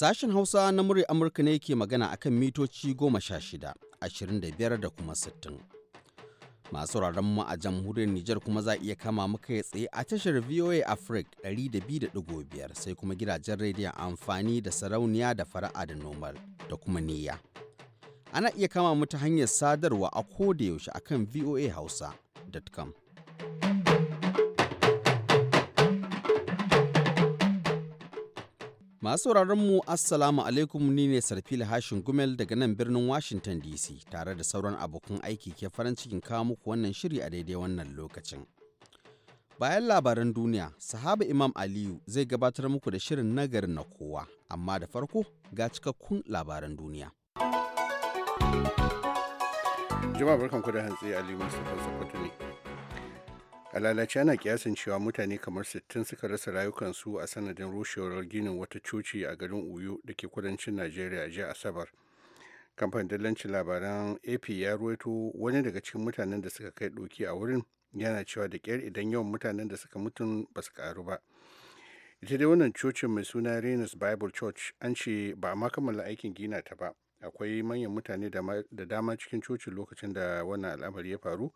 Sashen Hausa na murya Amurka ne ke magana akan mitoci goma sha shida, ashirin da biyar da kuma sittin. Masu mu a jamhuriyar Nijar kuma za iya kama muka tsaye a tashar VOA Africa 200.5 sai kuma gidajen rediyon amfani da sarauniya da fara'a da nomal da kuma niyya. Ana iya kama mu ta hanyar sadarwa a koda yaushe akan voahausa.com. Masu mu Assalamu alaikum ni ne Sarfila Hashin Gumel daga nan birnin Washington DC tare da sauran abokan aiki ke farin cikin kawo muku wannan shiri a daidai wannan lokacin. Bayan labaran duniya, sahaba Imam Aliyu zai gabatar muku da shirin nagarin na kowa, amma da farko ga cikakkun labaran duniya. barkan barkanku da hantsi Aliyu Mustapha Sokoto ne. a lalace ana kiyasin cewa mutane kamar 60 suka rasa rayukansu a sanadin rushewar ginin wata coci a garin uyu da ke kudancin najeriya jiya asabar kamfanin dillancin labaran ap ya ruwaito wani daga cikin mutanen da suka kai doki a wurin yana cewa da kyar idan yawan mutanen da suka mutu ba su karu ba ita dai wannan cocin mai suna renus bible church an ce ba a ma kammala aikin gina ta ba akwai manyan mutane da dama cikin cocin lokacin da wannan al'amari ya faru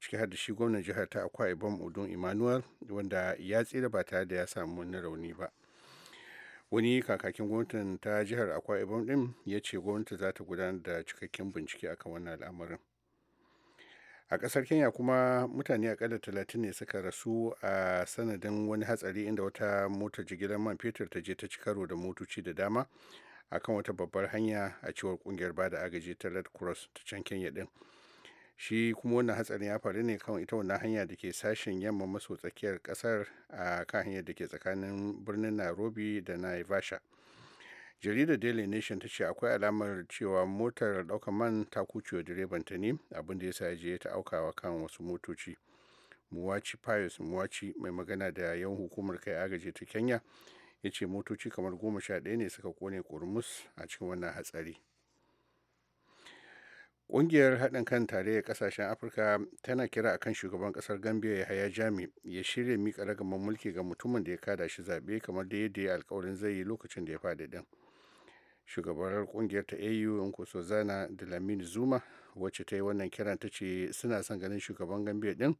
ciki har da shi gwamnan jihar ta akwai bom odun emmanuel wanda ya tsira ba tare da ya samu wani rauni ba wani kakakin gwamnatin ta jihar akwa ibom din ya ce gwamnati za ta gudanar da cikakken bincike akan wannan al'amarin a kasar kenya kuma mutane akalla talatin ne suka rasu a sanadin wani hatsari inda wata mota jigilar man fetur ta je ta ci karo da motoci da dama akan wata babbar hanya a cewar kungiyar bada agaji ta red cross ta can kenya din shi kuma wannan hatsarin ya faru ne kan ita wannan hanya da ke sashen yamma maso tsakiyar kasar a kan hanyar da ke tsakanin birnin nairobi da naivasha jaridar daily nation ta ce akwai alamar cewa motar ɗaukar man ta kucewa direban ta ne abinda ya sa je ta wa kan wasu motoci muwaci pius muwaci mai magana da yawan hukumar kai agaji ta kenya ya ce motoci kamar goma sha ɗaya ne suka kone kurmus a cikin wannan hatsari Ƙungiyar haɗin kan tarayyar ƙasashen Afirka tana kira akan shugaban ƙasar Gambia Yahaya Jami ya shirya miƙa ragaman mulki ga mutumin da ya kada shi zaɓe kamar da yadda ya alkawarin zai yi lokacin da ya faɗi ɗin Shugabar ƙungiyar ta AU da Dlamini Zuma wacce ta yi wannan kiran ta ce suna son ganin shugaban Gambia ɗin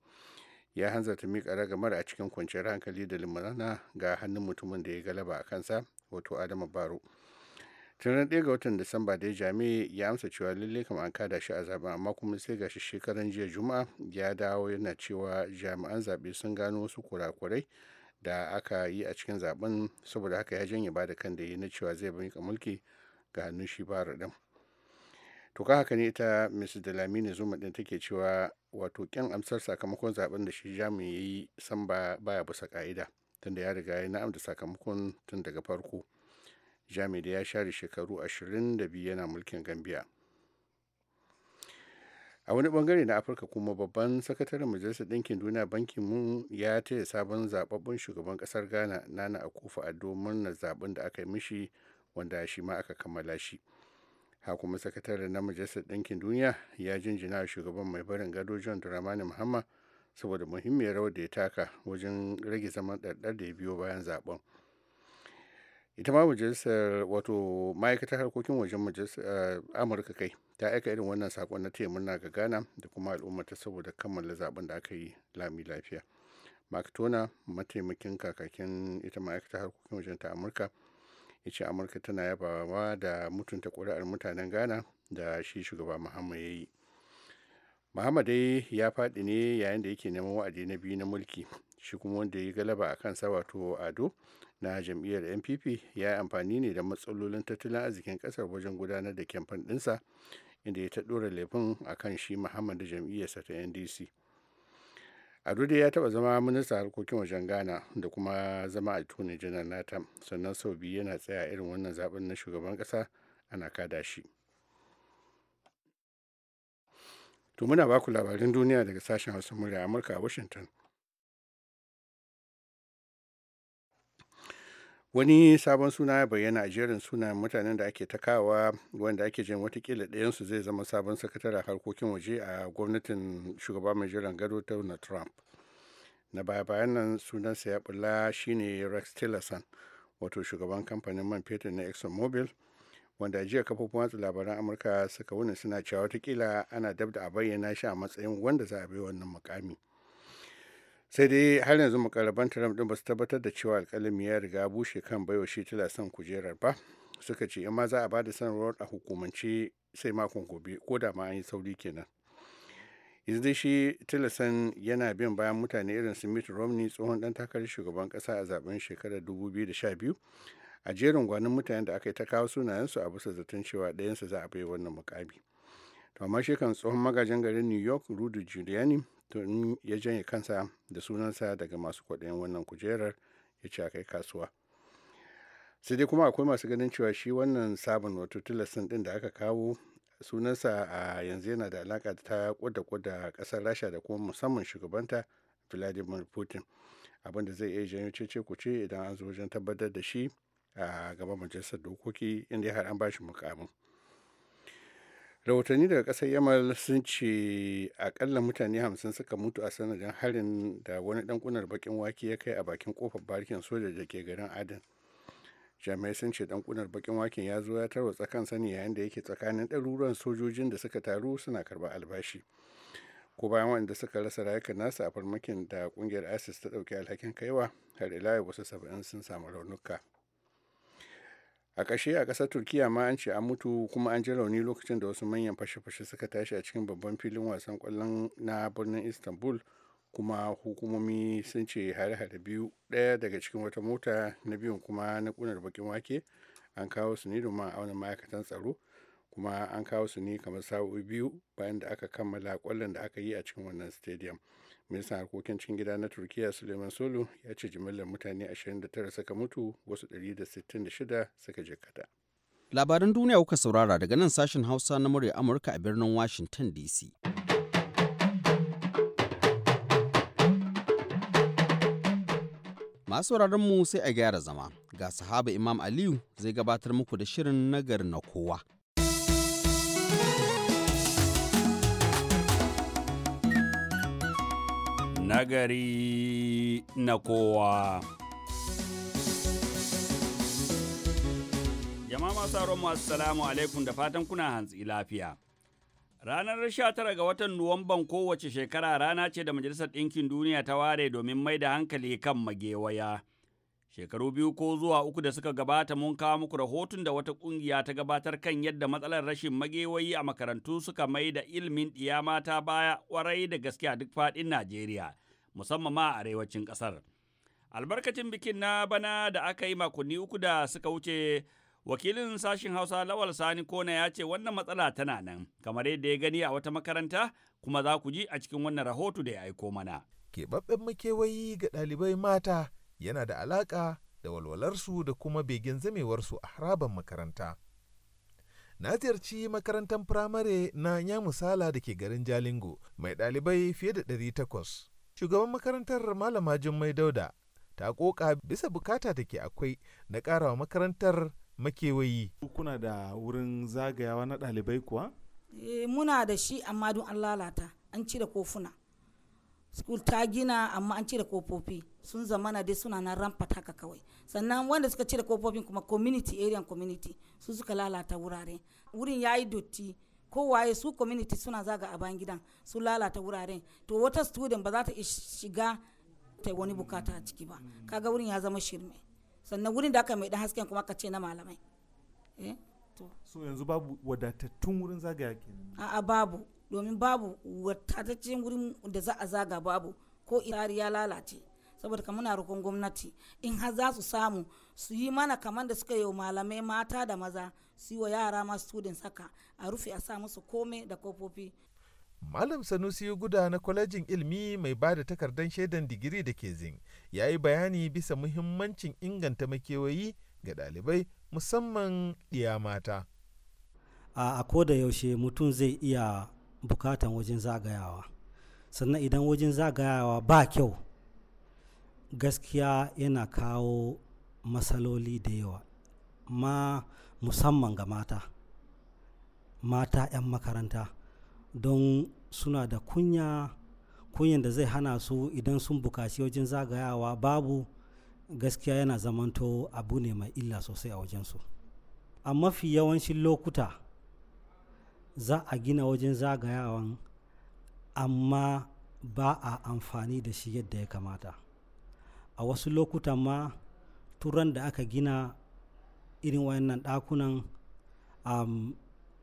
ya hanzarta miƙa ragamar a cikin kwanciyar hankali da limanana ga hannun mutumin da ya galaba a kansa wato Adama Baro. tun ran ɗaya ga watan disamba dai jami ya amsa cewa lalle kam an kada shi a zaben amma kuma sai ga shi shekaran jiya juma'a ya dawo yana cewa jami'an zaɓe sun gano wasu kurakurai da aka yi a cikin zaben saboda haka ya janye ba da kan da yi na cewa zai ka mulki ga hannun shi bara ɗin to ka haka ne ita mrs dalamini zuma ɗin take cewa wato kyan amsar sakamakon zaben da shi jami ya yi san ya bisa ka'ida tunda ya riga ya na'am da sakamakon tun daga farko jami da ya share shekaru 22 yana mulkin Gambia. a wani bangare na afirka kuma babban sakataren majalisar ɗinkin duniya bankin mun ya taya sabon zababbun shugaban ƙasar ghana nana akufa a domin na zaben da aka yi mishi wanda shi ma aka kammala shi ha kuma sakataren na majalisar ɗinkin duniya ya jinjina shugaban mai barin gado john dramani muhammad saboda muhimmiyar rawar da ya taka wajen rage zaman ɗarɗar da ya biyo bayan zaben ita ma majalisar wato ma'aikatar harkokin wajen majalisar eh, amurka kai ta aika irin wannan sakon na taya murna ga ghana da kuma ta saboda kammala zaben da aka yi lami lafiya mark mataimakin kakakin ita ma'aikatar harkokin wajen ta amurka ya ce amurka tana yabawa da mutunta kuri'ar mutanen ghana da shi shugaba muhammad ya yi muhammad dai ya faɗi ne yayin da yake neman wa'adi na biyu na mulki shi kuma wanda ya galaba a kansa wato ado na jam'iyyar npp ya yi amfani ne da matsalolin tattalin arzikin kasar wajen gudanar da kyamfan ɗinsa inda ya ta ɗora laifin a kan shi muhammad jam'iyyar jam'iyyarsa ta ndc dai ya taɓa zama minista harkokin wajen ghana da kuma zama a tuni janar nata sannan sau biyu yana tsaya irin wannan zaben na shugaban ƙasa ana kada shi to muna baku labarin duniya daga sashen hausa murya amurka a washington wani sabon suna ya bayyana a jerin sunayen mutanen da ake takawa wanda ake jin watakila ɗayansu zai zama sabon sakataren harkokin waje a gwamnatin shugaba mai jiran gado na trump na baya-bayan nan sunansa ya bula shine rex tillerson wato shugaban kamfanin man fetur na mobil wanda jiya kafofin watsa labaran amurka suka wuni suna cewa watakila ana dabda a bayyana shi a matsayin wanda za a bai wannan mukami. sai dai har yanzu makaraban trump din ba su tabbatar da cewa alkalami ya riga bushe kan baiwa shi tila son kujerar ba suka ce in ma za a ba da sanarwar a hukumance sai makon gobe ko da ma an yi sauri kenan yanzu dai shi son yana bin bayan mutane irin su mitt romney tsohon dan takarar shugaban kasa a zaben shekarar 2012 a jerin gwanin mutanen da aka yi ta kawo sunayensu a bisa zaton cewa ɗayansu za a bai wannan mukami to amma shi tsohon magajin garin new york rudy giuliani tun ya janye kansa da sunansa daga masu kwaɗayin wannan kujerar ya ce a kai kasuwa sai dai kuma akwai masu ganin cewa shi wannan sabon wato tilastin din da aka kawo sunansa a yanzu yana da alaka ta kwada kwada kasar rasha da kuma musamman shugabanta vladimir putin abin da zai iya janyo cece kuce idan an zo wajen tabbatar da shi a gaban majalisar dokoki inda ya har an bashi mukamin rahotanni daga kasar yamal sun ce akalla mutane hamsin suka mutu a sanadin harin da wani dankunar bakin wake ya kai a bakin kofar barkin soja da ke garin adan jami'ai sun ce dankunar bakin waken ya zo ya tarwatsa tsakan sani yayin da yake tsakanin ɗaruruwan sojojin da suka taru suna karɓar albashi ko bayan waɗanda suka rasa rayukan nasu a farmakin da ƙungiyar isis ta ɗauki alhakin kaiwa har ila wasu saba'in sun samu raunuka a ƙashe a ƙasar turkiya ma an ce an mutu kuma an ji rauni lokacin da wasu manyan fashe-fashe suka tashi a cikin babban filin wasan kwallon na birnin istanbul kuma hukumomi sun ce hare-hare biyu ɗaya daga cikin wata mota na biyun kuma na ƙunar bakin wake an kawo su ne domin auna ma'aikatan tsaro kuma an kawo su ne kamar sa'o'i biyu bayan da aka kammala kwallon da aka yi a cikin wannan stadium ministan harkokin cikin gida na turkiya suleiman solo ya ce jimillar mutane 29 saka mutu wasu 166 saka jikata labaran duniya kuka saurara daga nan sashen hausa na murya amurka a birnin washington dc masu mu sai a gyara zama ga sahaba imam aliyu zai gabatar muku da shirin nagari na kowa nagari na kowa. Jama'a masu mu salamu alaikum da fatan kuna hantsi lafiya. Ranar 19 ga watan Nuwamban kowace shekara rana ce da Majalisar Ɗinkin Duniya ta ware domin mai da hankali kan magewaya. Shekaru biyu ko zuwa uku da suka gabata mun kawo muku rahoton da wata kungiya ta gabatar kan yadda matsalar rashin magewayi a makarantu suka mai da ilimin ɗiya mata baya kwarai da gaske a duk faɗin Najeriya, musamman ma a arewacin ƙasar. Albarkacin bikin na bana da aka yi makonni uku da suka wuce wakilin sashen Hausa Lawal Sani Kona ya ce wannan matsala tana nan, kamar yadda ya gani a wata makaranta kuma za ku ji a cikin wannan rahoto da ya aiko mana. Keɓaɓɓen makewayi ga ɗalibai mata yana da alaƙa da walwalarsu da kuma begen zamewarsu a haraban makaranta. Na ziyarci makarantar firamare na ya misala da ke garin Jalingo mai ɗalibai fiye da 800. Shugaban makarantar Malama Jummai Dauda ta koka bisa bukata da ke akwai na ƙarawa makarantar makewayi. Kuna da wurin zagayawa na ɗalibai kuwa? Eh, muna da shi amma don an lalata an cire kofuna. school ta gina amma an cire kofofi sun zamana dai suna nan ramfat haka kawai sannan wanda suka cire kofofin kuma community area community su suka lalata wurare wurin yayi dotti kowaye su community suna zaga a bayan gidan su lalata wuraren to wata student ba za ta shiga ta wani bukata a ciki ba kaga wurin ya zama shirme sannan wurin da aka mai dan hasken kuma aka ce na malamai eh to so yanzu babu wadatattun wurin zagaya kenan a'a babu domin babu wataccen wurin da za a zaga babu ko itari ya lalace saboda ka muna roƙon gwamnati in har za su samu su yi mana kamar da suka yi wa malamai mata da maza su yi wa yara masu students saka a rufe a sa musu komai da kofofi Malam Sanusi Guda na kwalejin ilmi mai ba da takardar shaidan digiri da ke zin ya yi bayani bisa muhimmancin inganta makewayi ga ɗalibai musamman ɗiya mata. A, a da yaushe mutum zai iya bukatan wajen zagayawa sannan idan wajen zagayawa ba kyau gaskiya yana kawo matsaloli da yawa ma musamman ga mata mata 'yan makaranta don suna da kunya kunyan da zai hana su idan sun bukaci wajen zagayawa babu gaskiya yana zamanto abu ne mai illa sosai a wajensu a mafi yawancin lokuta za a gina wajen zagayawan amma ba a amfani da shi yadda ya kamata a wasu lokutan ma turan da aka gina irin wayannan ɗakunan um,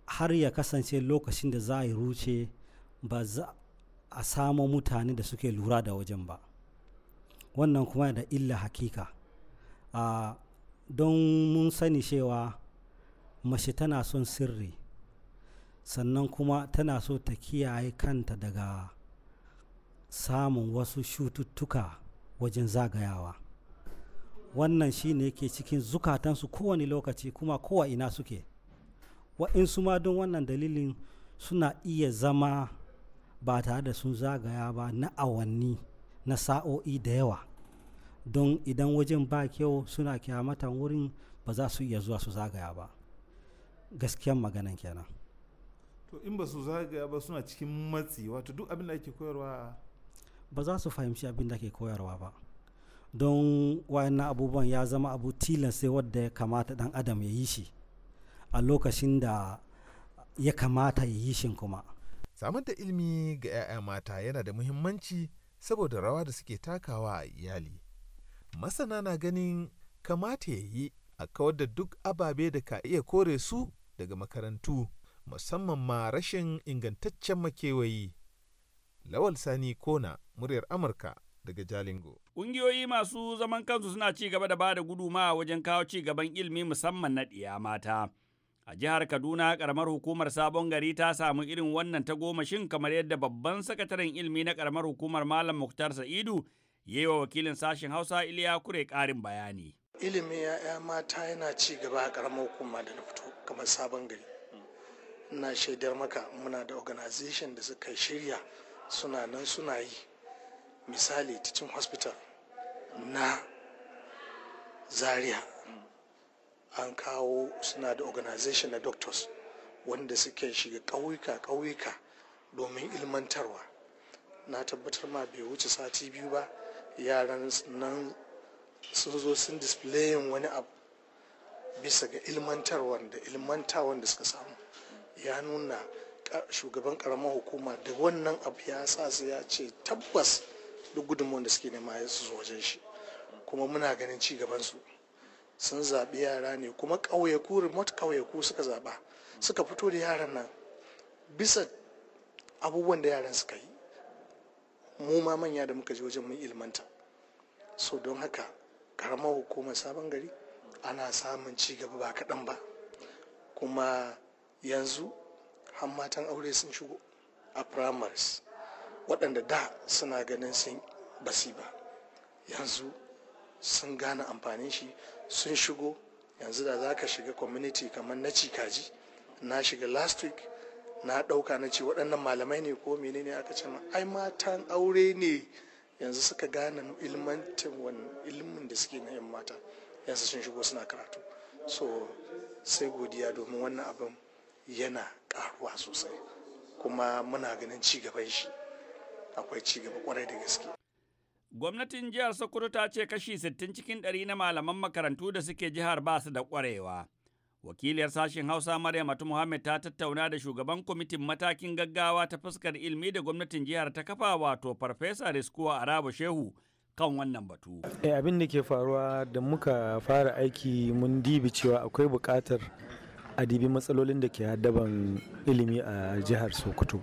har ya kasance lokacin da za a yi ruce ba za a samo mutane da suke lura da wajen ba wannan kuma da illa hakika uh, don mun sani cewa mace tana son sirri sannan kuma tana so ta kiyaye kanta daga samun wasu shututtuka wajen zagayawa wannan shi ne ke cikin zukatansu kowane lokaci kuma kowa ina suke wa'insu ma don wannan dalilin suna iya zama ba tare da sun zagaya ba na awanni na sa'o'i da yawa don idan wajen ba kyau suna kyamatan wurin ba za su iya zuwa su zagaya ba gaskiyan maganan kenan to in ba su zagaya ba suna cikin matsi wato duk abin da ake koyarwa ba za su fahimci abin da ke koyarwa ba don wayannan abubuwan ya zama abu tilas sai wadda ya kamata dan adam ya yi shi a lokacin da ya kamata ya yi shi kuma samar da ilimi ga 'ya'ya mata yana da muhimmanci saboda rawa da suke takawa a iyali masana na ganin kamata ya yi a kawar da duk ababe da ka iya kore su daga makarantu musamman ma rashin ingantaccen makewayi. Lawal Sani Kona, muryar Amurka daga Jalingo. Ƙungiyoyi masu zaman kansu suna ci gaba da bada guduma wajen kawo ci gaban ilimi musamman na ɗiya mata. A jihar Kaduna, ƙaramar hukumar Sabon Gari ta samu irin wannan ta kamar yadda babban sakataren ilimi na ƙaramar hukumar Malam Muktar Sa'idu ya yi wa wakilin sashen Hausa Iliya Kure ƙarin bayani. Ilimi ya mata yana ci gaba a ƙaramar hukuma da na fito kamar Sabon Gari. na shaidar maka muna da organization da suka shirya suna nan suna yi misali teaching hospital na zaria an kawo suna da organization na doctors wanda suke shiga ƙauyuka-ƙauyuka domin ilmantarwa na tabbatar ma bai wuce sati biyu ba yaran nan sun zo sun displayin wani abu bisa ga ilmantarwa da ilmantawan da suka samu ya nuna shugaban karamar hukuma da wannan abu ya sa su ya ce tabbas duk gudunmuwan da suke nema ya su wajen shi kuma muna ganin ci su sun zaɓi yara ne kuma ƙauyaku remote ƙauyaku suka zaɓa suka fito da yaran nan bisa abubuwan da yaran suka yi mu ma manya da muka je wajen mun ilmanta so don haka karamar hukumar sabon gari ana samun ci gaba ba kaɗan ba kuma yanzu hammatan aure sun shigo a primaries waɗanda da suna ganin sun basi ba yanzu sun gane amfanin shi sun shigo yanzu da za ka shiga community kamar na cikaji na shiga last week na ɗauka na ce waɗannan malamai ne ko menene aka ce ma ai matan aure ne yanzu suka gane ilimin da suke na yan mata yanzu sun shigo suna karatu so sai godiya domin wannan abin yana karuwa sosai kuma muna ganin cigaban shi akwai cigaba kwarai da gaske gwamnatin jihar sokoto ta ce kashi sittin cikin ɗari na malaman makarantu da suke jihar ba su da kwarewa wakiliyar sashen hausa maryam atu muhammad ta tattauna da shugaban kwamitin matakin gaggawa ta fuskar ilmi da gwamnatin jihar ta kafa wato farfesa riskuwa arabu shehu kan wannan batu. Eh, abin da ke faruwa da muka fara aiki mun dibi cewa akwai bukatar a dibi matsalolin da ke haddaban ilimi a jihar sokoto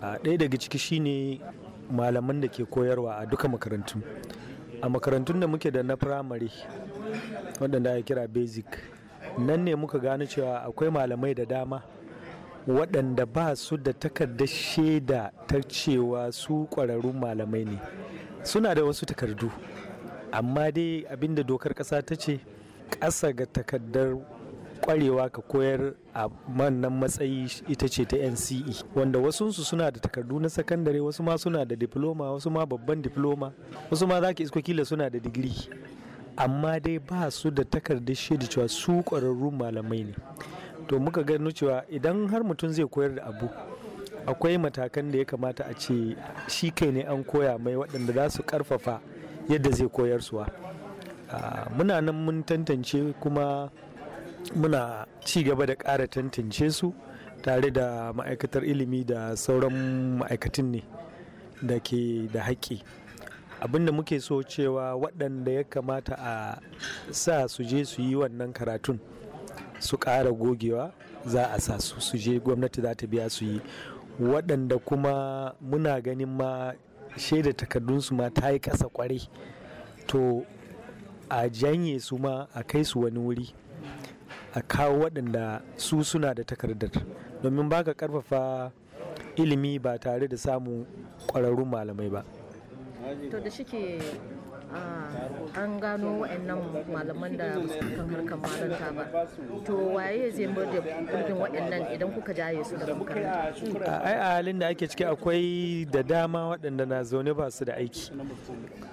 a ɗaya daga ciki shine malaman da ke koyarwa a duka makarantu a makarantun da muke da na firamare waɗanda ya kira basic nan ne muka gane cewa akwai malamai da dama waɗanda ba su da takardar shaida ta cewa su ƙwararrun malamai ne suna da wasu takardu amma dai abinda dokar ƙasa ta ce ƙasa ga takardar kwarewa ka koyar a manan matsayi ita ce ta NCE wanda wasunsu suna da takardu na sakandare wasu ma suna da diploma wasu ma babban diploma wasu ma za ka isko kila suna da digiri amma dai ba su da takardar shaidu cewa su kwararrun malamai ne to muka gano cewa idan har mutum zai koyar da abu akwai matakan da ya kamata a ce shi kai ne an koya mai waɗanda za su ƙarfafa yadda zai koyar koyarsuwa ah, muna nan mun tantance kuma muna ci gaba da ƙara tantance su tare da ma'aikatar ilimi da sauran ma'aikatan ne da ke da haƙƙi abinda muke so cewa waɗanda ya kamata a sa su je su yi wannan karatun su ƙara gogewa za a sa su su je gwamnati za ta biya su yi waɗanda kuma muna ganin ma shaida takardunsu ma ta yi ƙasa kwarai to a janye su ma a kai su wani wuri a kawo waɗanda su suna da takardar domin ba ka karfafa ilimi ba tare da samun ƙwararrun malamai ba to da shike Ah, an gano wa'annan malaman da kan harkar malanta ba to waye zai mayar da gurbin wa'annan idan kuka jaye su da makaranta ai a halin da ake ciki akwai da dama waɗanda na zaune ba su da aiki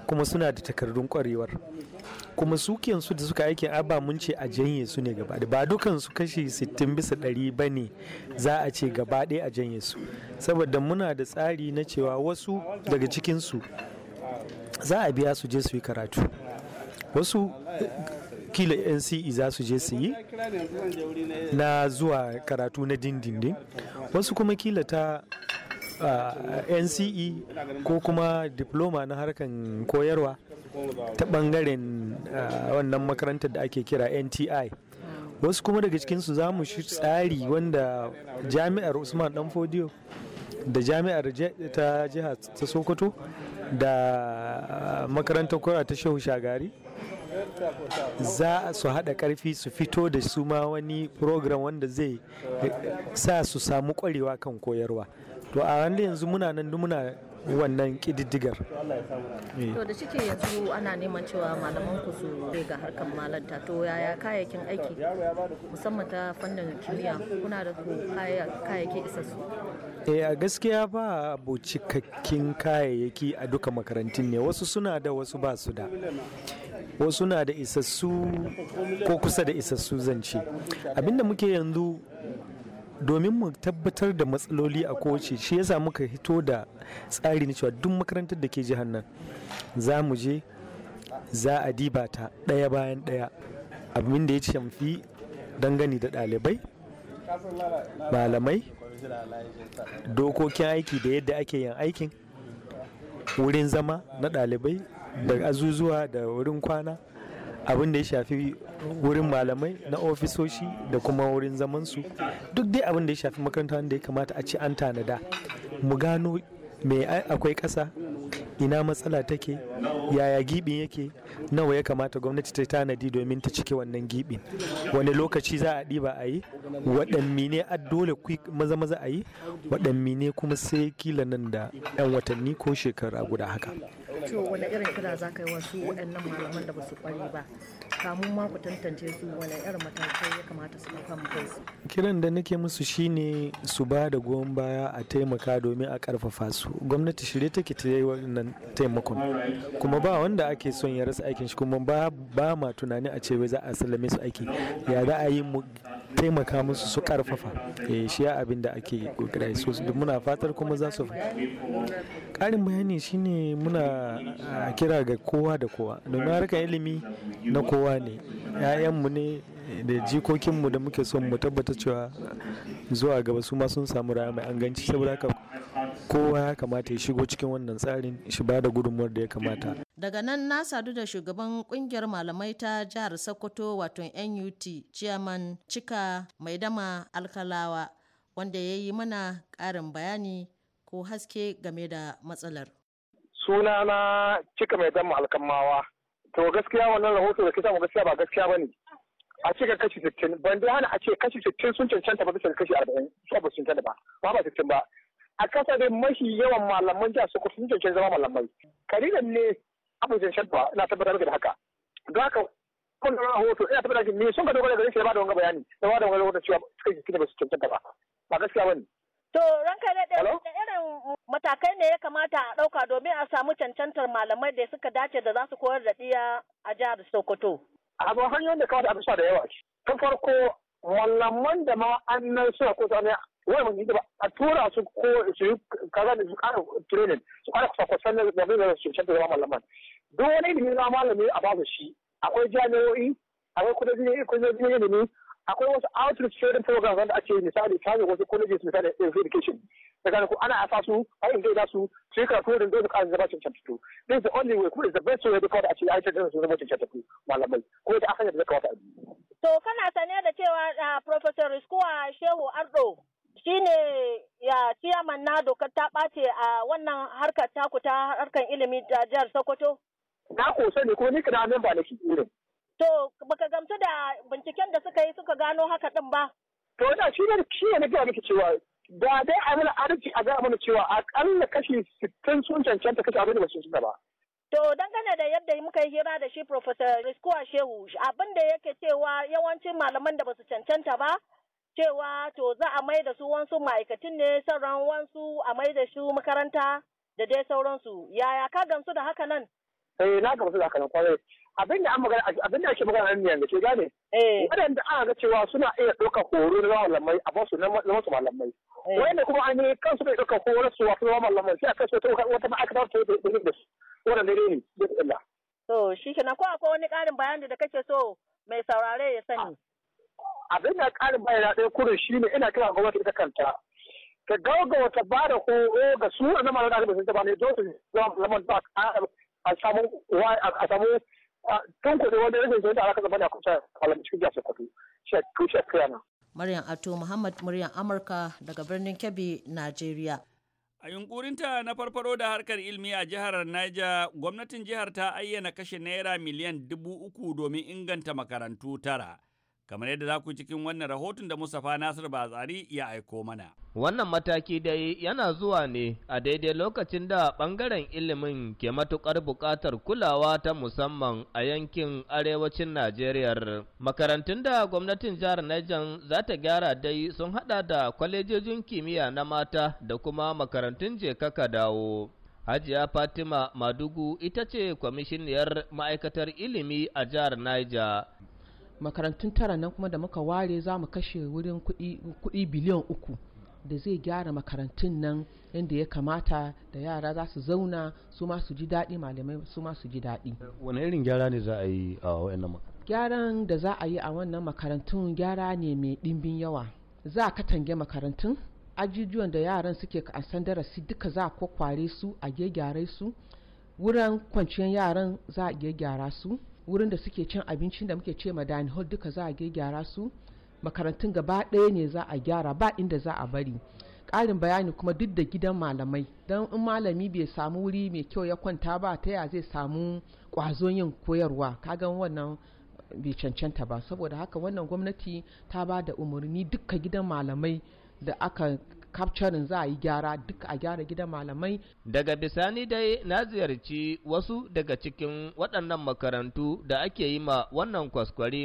kuma suna da takardun kwarewar kuma su su da suka a ba mun ce a janye su ne gaba ba dukan su kashi 60 bisa 100 ba ne za a ce gaba ɗaya a janye su saboda muna da tsari na cewa wasu daga cikinsu za a biya su je su yi karatu wasu kila nce za su je su yi na zuwa karatu na dindindin wasu kuma kila ta uh, ah, nce ko kuma diploma na harkan koyarwa ta bangaren uh, ah, wannan makarantar da ake kira nti wasu kuma daga cikinsu za mu shi tsari wanda jami'ar usman danfodiyo da jami'ar ta jiha ta sokoto da makarantar kura ta shehu shagari za su haɗa ƙarfi su fito da su ma wani program wanda zai sa su samu kwarewa kan koyarwa to a wanda yanzu muna nan muna wannan ƙididdigar eh. to da cike yanzu ana neman cewa malaman ku su ga harkar malanta to yaya kayayyakin aiki musamman ta fannin kimiyya kuna da kayayyakin su. Eh a gaskiya ba abu cikakkin kayayyaki a duka makarantun ne wasu suna da wasu ba su da. Wasu na da isassu ko kusa da isassu zance. Abinda muke yanzu domin mu tabbatar da matsaloli a kowace shi yasa muka hito da tsari na cewa duk makarantar da ke jihar nan za mu je za a diba ta ɗaya bayan ɗaya abin da ya shamfi dangane da ɗalibai malamai dokokin aiki da yadda ake yin aikin wurin zama na ɗalibai da azuzuwa da wurin kwana abin da ya shafi wurin malamai na ofisoshi da kuma wurin zamansu duk dai abin da ya shafi makaranta wanda ya kamata a ci an tanada mu gano me akwai ƙasa ina matsala take yaya gibin yake nawa ya kamata gwamnati ta tanadi domin ta cike wannan gibin wani lokaci za a ɗiba a yi waɗanni ne a dole maza maza a yi waɗanni ne kuma sai kila nan da yan watanni ko shekara guda haka wani irin kira za ka yi wasu waɗannan malaman da ba su ƙware ba kamun ma ku tantance su wani irin matakai ya kamata su ɗauka mu kai kiran da nake musu shine su ba da goyon baya a taimaka domin a karfafa su gwamnati shirye take ta yi wannan taimakon kuma ba wanda ake son ya rasa aikin shi kuma ba ba ma tunani a ce wai za a sallame su aiki ya za a yi mu taimaka musu su karfafa eh shi ya abin da ake kokari so muna fatar kuma za su ƙarin bayani shine muna kira ga kowa da kowa domin harkar ilimi na kowa yawa ne 'ya'yanmu ne da jikokinmu da muke son mu tabbata cewa zuwa gaba su sun samu raya mai anganci saboda haka kowa ya kamata ya shigo cikin wannan tsarin shi ba da gudunmuwar da ya kamata daga nan na sadu da shugaban kungiyar malamai ta jihar sokoto wato nut chairman cika mai dama alkalawa wanda ya yi mana karin bayani ko haske game da matsalar suna na cika mai dama alkamawa to gaskiya wannan rahoto da kisa mu gaskiya ba gaskiya bane a cika kashi 60 ban dai hana a ce kashi 60 sun cancanta ba bisa kashi 40 su ba sun cancanta ba ba ba 60 ba a kasa dai mafi yawan malaman jihar Sokoto sun cancanta zama malamai kalilan ne abu sun ba ina tabbatar da haka don haka kun da rahoto ina tabbatar da ni sun ka dogara da shi ba da wani bayani da ba da wani rahoto cewa suka yi ba su cancanta ba ba gaskiya bane To ranka da irin matakai ne ya kamata a ɗauka domin a samu cancantar malamai da suka dace da za su koyar da ɗiya a jihar Sokoto. Abu hanyoyin da kawai abin sha da yawa ce. Ta farko malaman da ma an nan suna ko ne wani mun ba a tura su ko su yi kaza da su ƙara training su ƙara kusa-kusan da zai zai su cancanta da malaman. Duk wani ilimi na malami a basu shi akwai jami'o'i akwai kudin ilimi akwai wasu outreach training programs wanda ake misali ta wasu colleges misali education daga ko ana asa su a inda za su su yi karatu wurin dole kan zama tutu this is the only way kuma is the best way to kawai a ce ai cancantattu su zama cancantattu malamai ko da aka da kawai kawata biyu. to kana sane da cewa professor Iskuwa Shehu Ardo shine ya ciyaman na dokar ta ɓace a wannan harkar taku ta harkar ilimi da jihar Sokoto. Na ko sani ko ni kana nan ba nake irin. To baka gamsu da binciken da suka yi suka gano haka din ba. To ina shi ne shi ne ga miki cewa da dai a mana arziki a ga mana cewa akalla kashi sittin sun cancanta kashi abin da ba su ba. To dangane da yadda muka yi hira da shi Professor Riskuwa Shehu abin da yake cewa yawancin malaman da basu cancanta ba cewa to za a mai da su wansu ma'aikatan ne sauran wansu a mai da su makaranta da dai sauransu yaya ka gamsu da haka nan? Eh na gamsu da haka nan kwarai abin da abin da ake magana ne yanzu ke gane eh. waɗanda aka ga cewa suna iya ɗaukar horo na malamai a basu na wasu malamai eh. wanda kuma an yi kansu bai ɗaukar horo su wasu malamai sai a kai su wata ma'aikata ta yi da su wannan dare ne da Allah to shi kenan ko akwai wani ƙarin bayani da kake so mai saurare ya sani abin da ƙarin bayani ɗaya kurin shi ne ina kira gwamnati ita kanta ka gauga wata ba da horo ga su na malamai da sun ta ba ne don su zama a samu tun ah, kuɗi wani zama da kusa cikin kuɗi Maryam Ato Muhammad Maryam Amurka daga birnin Kebbi, Najeriya. A yunkurinta na farfaro da harkar ilimi a jihar Niger, gwamnatin jihar ta ayyana kashe naira miliyan dubu uku domin inganta makarantu tara. kamar yadda za ku cikin wannan rahoton da Mustapha Nasir bazari ya aiko mana. Wannan mataki dai yana zuwa ne a daidai lokacin da ɓangaren ilimin ke matuƙar buƙatar kulawa ta musamman a yankin arewacin Najeriya. Makarantun da gwamnatin jihar Niger za ta gyara dai sun haɗa da kwalejojin kimiyya na mata da kuma makarantun je kaka dawo. Hajiya Fatima Madugu ita ce kwamishiniyar ma'aikatar ilimi a jihar Niger. makarantun tara nan kuma da muka ware za mu kashe wurin kuɗi biliyan uku da zai gyara makarantun nan yadda ya kamata da yara za su zauna su ma su ji daɗi malamai su ma su ji daɗi wani irin gyara ne za a yi a wa'annan makarantun gyaran da za a yi a wannan makarantun gyara ne mai ɗimbin yawa za a katange makarantun ajijuwan da yaran suke kasan darasi duka za a kwakware su a gyagyare su wurin kwanciyar yaran za a gyara su wurin da suke cin abincin da muke ce ma dani hall duka za a gyara su makarantun gaba ɗaya ne za a gyara ba inda za a bari ƙarin bayani kuma duk da gidan malamai don in malami bai samu wuri mai kyau ya kwanta ba ta ya zai samu ƙwazon yin koyarwa kagan wannan bai cancanta ba saboda haka wannan gwamnati ta ba da umarni duka gidan malamai da aka capturing za a yi gyara duk a gyara gidan malamai daga bisani dai na ziyarci wasu daga cikin waɗannan makarantu da ake yi ma wannan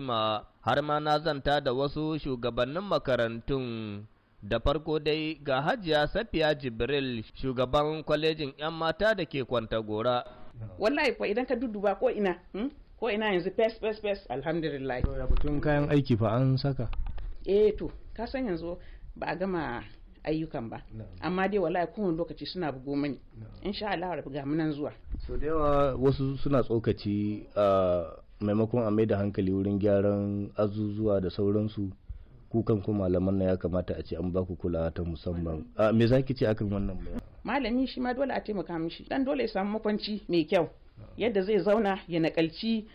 ma har ma na zanta da wasu shugabannin makarantun da farko dai ga hajiya safiya jibril shugaban kwalejin 'yan mata da ke kwanta gora wallahi fa idan ka duduba ko ina hmm, ko ina yanzu pes pes pes alhamdulillah ya kayan aiki fa an saka eh to ka san yanzu ba a gama ayyukan ba amma dai wallahi kowane lokaci suna bugo mani insha Allah rabu ga munan zuwa so da yawa wasu suna tsokaci a maimakon a mai da hankali wurin gyaran azuzuwa da sauransu kukan ku malaman na ya kamata a ce an baku kulawa ta musamman a me zaki ce akan wannan malami shi ma dole a taimaka mishi dan dole ya samu makwanci mai kyau yadda zai zauna ya nakalci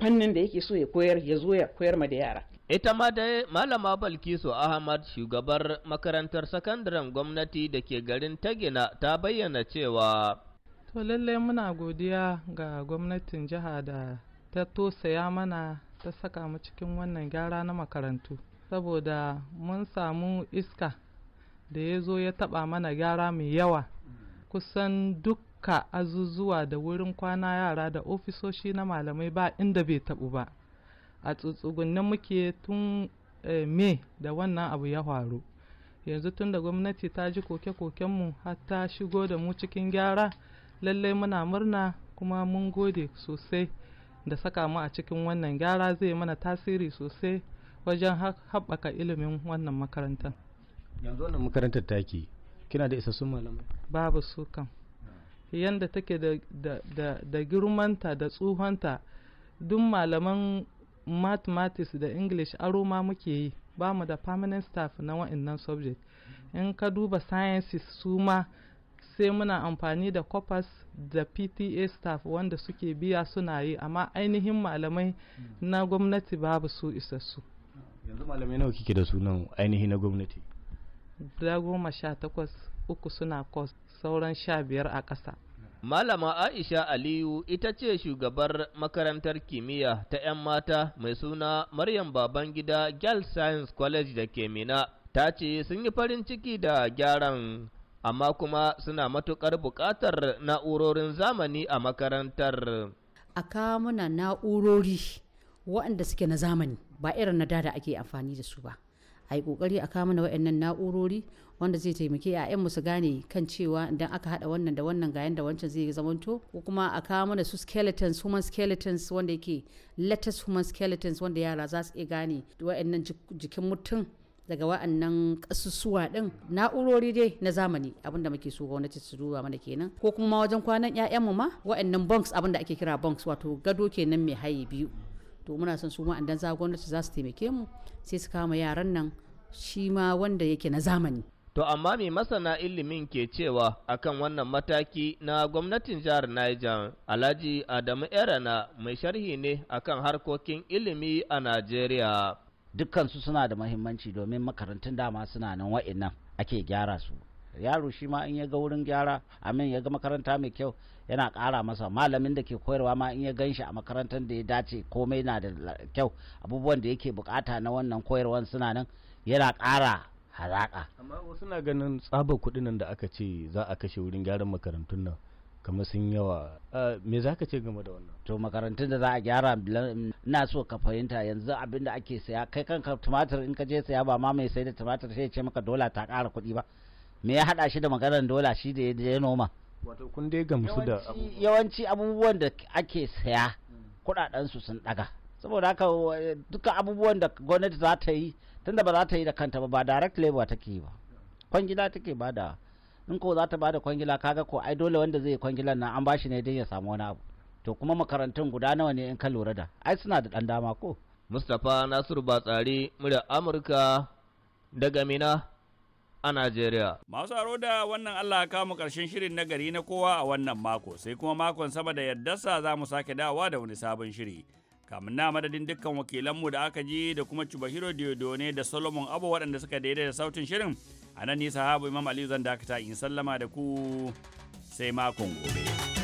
fannin da yake so ya koyar ya zo ya koyar ma da yara Ita ma dai Malama Balkisu Ahmad shugabar makarantar sakandaren gwamnati da ke garin Tagina ta bayyana cewa. To lallai muna godiya ga gwamnatin jiha da ta tosaya mana ta saka mu cikin wannan gyara na makarantu saboda mun samu iska da ya zo ya taba mana gyara mai yawa kusan duka azuzuwa da wurin kwana yara da ofisoshi na malamai ba inda bai tabu ba a tsutsugunan muke tun eh, me da wannan abu ya faru yanzu tun da gwamnati ta ji koke-kokenmu har ta shigo da mu cikin gyara lallai muna murna kuma mun gode sosai da saka mu a cikin wannan gyara zai mana tasiri sosai wajen haɓaka ilimin wannan makarantar yanzu wannan makarantar taki kina da isassun malamai babu su kan yadda take da girmanta da tsuhonta duk malaman mathematics da english aro ma muke yi ba mu da permanent staff na wa'annan subject in ka duba sciences su ma sai muna amfani da corpus da pta staff wanda suke biya suna yi amma ainihin malamai na gwamnati babu su isassu yanzu malamai nawa kike da sunan ainihi na gwamnati da goma sha takwas uku suna kos sauran sha biyar a ƙasa Malama Aisha Aliyu ita ce shugabar makarantar kimiyya ta 'yan mata mai suna Maryam Babangida Girls Science College da ke Mina ta ce sun yi farin ciki da gyaran amma kuma suna matuƙar buƙatar na'urorin zamani a makarantar. A kawo muna na'urori waɗanda suke na zamani ba irin na da ake amfani da su ba. a yi kokari a kama wa'annan na'urori wanda zai taimake yan su gane kan cewa idan aka haɗa wannan da wannan ga yanda wancan zai zamanto ko kuma a kawo mana su skeletons human skeletons wanda yake latest human skeletons wanda yara za su iya gane wa'annan jikin mutum daga wa'annan kasusuwa din na'urori dai na zamani abinda muke so gwamnati su duba mana kenan ko kuma wajen kwanan 'ya'yanmu ma wa'annan bunks abinda ake kira banks wato gado kenan mai haye biyu to muna son su ma a gwamnati za su taimake mu sai su kama yaran nan shi ma wanda yake na zamani To amma me masana ilimin ke cewa akan wannan mataki na gwamnatin jihar Niger, Alhaji Adamu Erana mai sharhi ne akan harkokin ilimi a Najeriya. Dukkansu suna da mahimmanci domin makarantun dama suna nan wa'in nan ake gyara su. Yaro shi ma in ya ga wurin gyara, amin ya ga makaranta mai kyau yana ƙara masa malamin da ke koyarwa ma in ya gan shi a makarantar da ya dace komai na da kyau abubuwan da yake bukata na wannan koyarwan suna nan yana ƙara haraka. amma wasu na ganin tsabar kuɗin nan da aka ce za a kashe wurin gyaran makarantun nan kamar sun yawa me za ka ce game da wannan to makarantun da za a gyara na so ka fahimta yanzu abin da ake saya kai kanka tumatir in ka je saya ba ma mai sai da tumatir sai ya ce maka dola ta ƙara kuɗi ba me ya haɗa shi da maganar dola shi da ya noma yawanci abubuwan da ake saya kudaden su sun daga saboda haka duka abubuwan da gwamnati za ta yi tunda ba za ta yi da kanta ba ba direct labor take yi ba kwangila take ba da in ko za ta ba da kwangila kaga ko ai dole wanda zai yi kwangilan nan an bashi ne dai ya samu wani abu to kuma makarantun guda nawa ne in ka lura da ai suna da dan dama ko Mustapha Nasiru Batsari murya Amurka daga Mina a Najeriya. Masu aro da wannan Allah ka mu karshen shirin na gari na kowa a wannan mako sai kuma makon sama da yardarsa za mu sake dawa da wani sabon shiri. kamun na madadin dukkan wakilanmu da aka ji da kuma Chubahiro Diodone da Solomon Abu waɗanda suka daidai da sautin shirin a nan nisa habu Imam Aliyu zan dakata in sallama da ku sai makon gobe.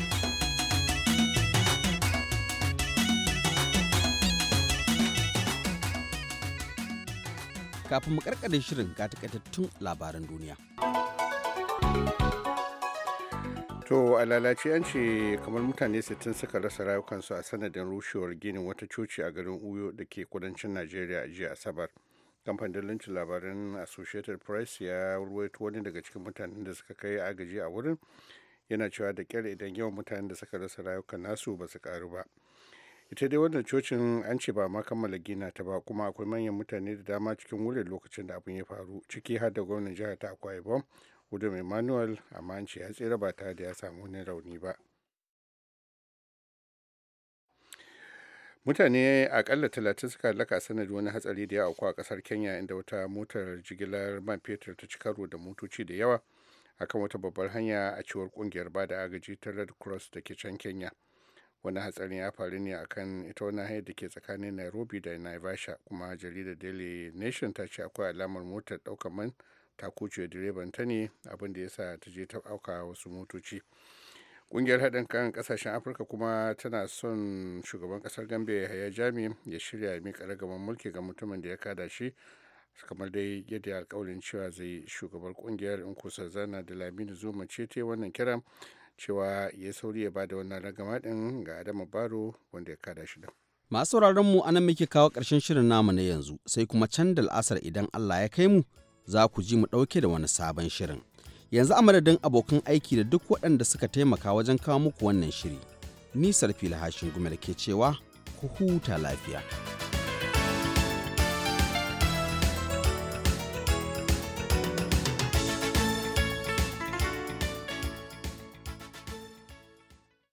kafin mu karkare shirin ga takaitattun labaran duniya. To a lalace an ce kamar mutane 60 suka rasa rayukansu a sanadin rushewar ginin wata coci a garin Uyo da ke kudancin Najeriya a jiya Asabar. Kamfanin lancin labaran Associated Press ya ruwaito wani daga cikin mutanen da suka kai agaji a wurin yana cewa da kyar idan yawan mutanen da suka rasa rayukan nasu ba su karu ba. ita dai wannan cocin an ce ba ma kammala gina ta ba kuma akwai manyan mutane da dama cikin wurin lokacin da abin ya faru ciki har da gwamnan jihar ta akwai bom mai emmanuel amma an ce ya tsira ba tare da ya samu wani rauni ba mutane akalla talatin suka laka sanar wani hatsari da ya auku a kasar kenya inda wata motar jigilar man fetur ta ci karo da motoci da yawa akan wata babbar hanya a cewar kungiyar bada agaji ta red cross da ke can kenya wani hatsarin ya faru ne akan ita wani hanyar da ke tsakanin nairobi da naivasha kuma jaridar daily nation ta ce akwai alamar motar ɗaukar man ta kuce direban ta ne abin da ya sa ta je ta auka wasu motoci ƙungiyar haɗin kan ƙasashen afirka kuma tana son shugaban ƙasar ya haya jami ya shirya miƙa ragaman mulki ga mutumin da ya kada shi kamar dai yadda alƙawarin cewa zai shugabar ƙungiyar in kusa zana da lamini zuma ce ta wannan kiran cewa ya sauri ya bada wannan ragama din ga Adama Baro wanda ya kada shi da. Masu sauraron mu anan muke kawo ƙarshen shirin namu na yanzu sai kuma can da al'asar idan Allah ya kai mu za ku ji mu ɗauke da wani sabon shirin. Yanzu a madadin abokan aiki da duk waɗanda suka taimaka wajen kawo muku wannan shiri. Ni Sarfila Hashin Gumel ke cewa ku huta lafiya.